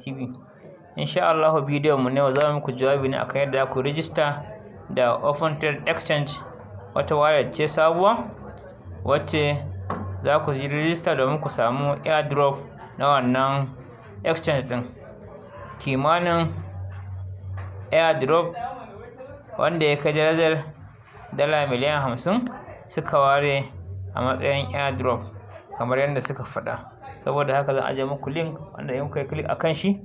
TV. Insha Allah bidiyon mu ne za mu muku jawabi ne akan yadda ku rijista da Open Trade Exchange wata wallet ce sabuwa wacce za ku yi rijista domin ku samu airdrop na wannan exchange din. Kimanin airdrop wanda ya kai darajar dala miliyan hamsin suka ware a matsayin airdrop kamar yadda suka faɗa. saboda haka zan ajiye muku link wanda in kai click akan shi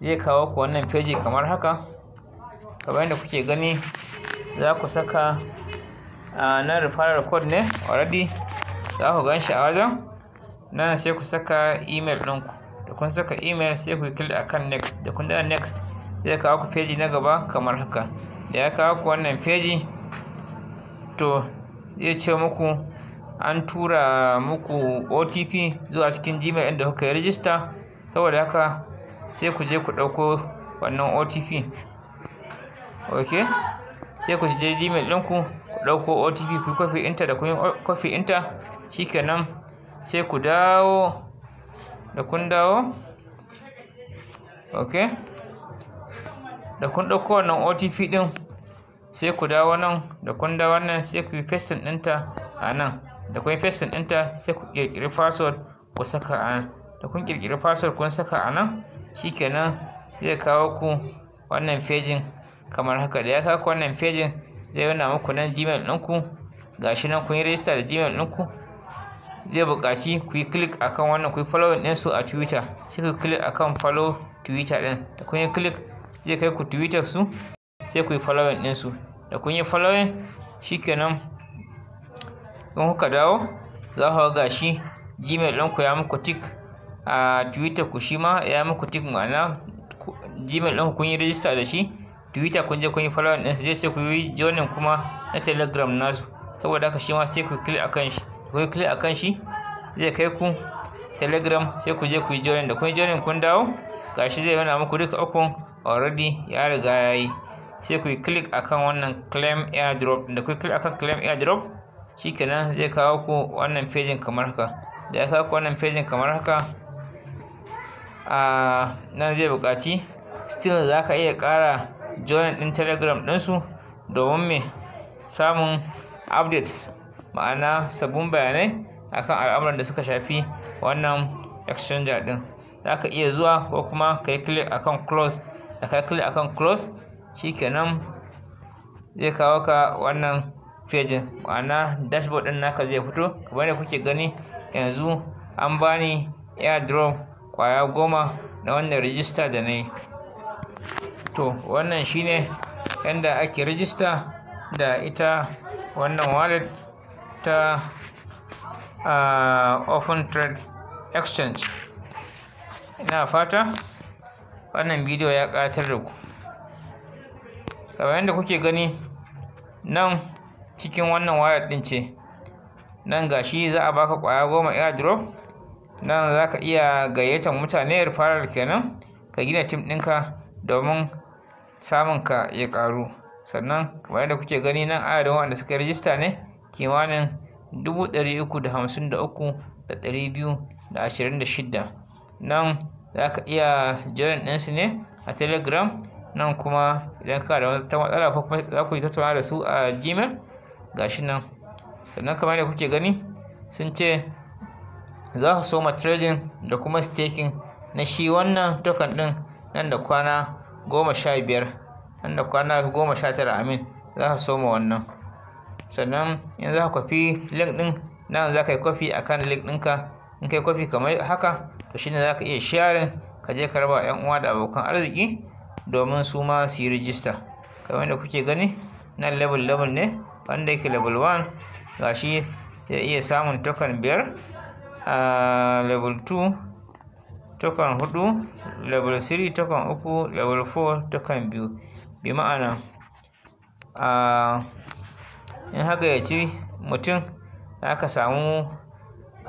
zai kawo ku wannan feji kamar haka kamar yadda kuke gani za ku saka nan referral code ne already za ku gan shi a wajen nan sai ku saka email ɗinku da kun saka email sai ku click akan next da kun da next zai kawo ku feji na gaba kamar haka da ya kawo ku wannan feji to zai ce muku an tura muku OTP zuwa cikin Gmail ɗin da kuka yi rijista saboda haka sai ku je ku ɗauko wannan OTP ok sai ku je Gmail ɗinku ku ɗauko OTP ku yi kwafi da kun yi kwafi shi shikenan sai ku dawo da kun dawo ok da kun ɗauko wannan OTP ɗin sai ku dawo nan da kun dawo nan sai ku yi pasting ɗinta a nan da kun fesin ɗinta sai ku ƙirƙiri password ku saka a nan da kun ƙirƙiri password kun saka a nan shikenan zai kawo ku wannan fejin kamar haka da ya kawo ku wannan fejin zai nuna muku nan gmail ɗinku gashi nan kun yi register da gmail ɗinku zai buƙaci ku yi click akan wannan ku yi following ɗin su a twitter sai ku click akan follow twitter ɗin da kun yi click zai kai ku twitter su sai ku yi following ɗin su da kun yi following shikenan in kuka dawo za ku ga shi gmail ɗinku ya muku tik a twitter ku shi ma ya muku tik ma'ana gmail ɗinku kun yi rijista da shi twitter kun je kun yi follow ɗin zai sai ku yi joining kuma na telegram nasu saboda haka shi ma sai ku click akan shi ku yi click akan shi zai kai ku telegram sai ku je ku yi joining da kun yi joining kun dawo gashi zai yana muku duka ukun already ya riga ya yi sai ku yi click akan wannan claim airdrop da ku yi click akan claim airdrop shikenan zai kawo ku wannan fejin kamar haka da ya kawo ku wannan fejin kamar haka a nan zai buƙaci still za ka iya ƙara join ɗin telegram ɗinsu domin mai samun updates ma'ana sabbin bayanai akan al'amuran da suka shafi wannan exchanger ɗin za ka iya zuwa ko kuma ka yi click akan close da ka click akan close kenan zai kawo ka wannan fejin ma'ana dashboard ɗin naka zai fito kamar da kuke gani yanzu an bani airdrop kwaya goma na wannan rijista da na yi to wannan shine yadda ake rijista da ita wannan wallet ta uh, open trade exchange ina fata wannan bidiyo ya katar da ku kamar yadda kuke gani nan cikin wannan wayar ɗin ce nan ga shi za a baka ƙwaya goma airdrop nan za ka iya gayyatar mutane referral kenan ka gina tim ɗinka domin samun ka ya ƙaru sannan kamar yadda kuke gani nan adadin waɗanda suka rijista ne kimanin dubu ɗari uku da hamsin da uku da ɗari biyu da ashirin da shida. nan za ka iya jiran ɗinsu ne a telegram nan kuma idan ka da wata matsala ko kuma za ku yi tattauna da su a gmail gashi nan sannan kamar da kuke gani sun ce za su soma trading da kuma staking na shi wannan token ɗin nan da kwana goma sha biyar nan da kwana goma sha tara amin za ka soma wannan sannan in za ka kwafi link ɗin nan za ka yi kwafi a kan link ɗinka in ka yi kwafi kamar haka to shine za ka iya sharing ka je ka raba yan uwa da abokan arziki domin su ma su yi rijista kamar yadda kuke gani nan level level ne wanda yake level 1 gashi zai iya samun token 5 a level 2 token 4 level 3 token 3 level 4 token 2 bi ma'ana a in haka ya ci mutum za ka samu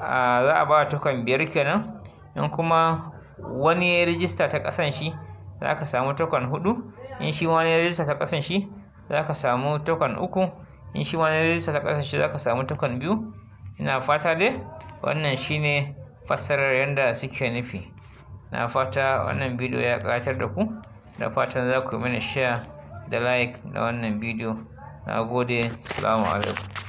a za a ba token biyar kenan in kuma wani ya rijista ta kasan shi za ka samu token hudu in shi wani ya rijista ta kasan shi za ka samu token uku in shi wani na rijista ta ƙasashe za ka samu takwan biyu ina fata dai wannan shine fassarar yadda suke nufi na fata wannan bidiyo ya ƙayatar da ku da fatan za ku yi mana share da like na wannan bidiyo na gode salamu alaikum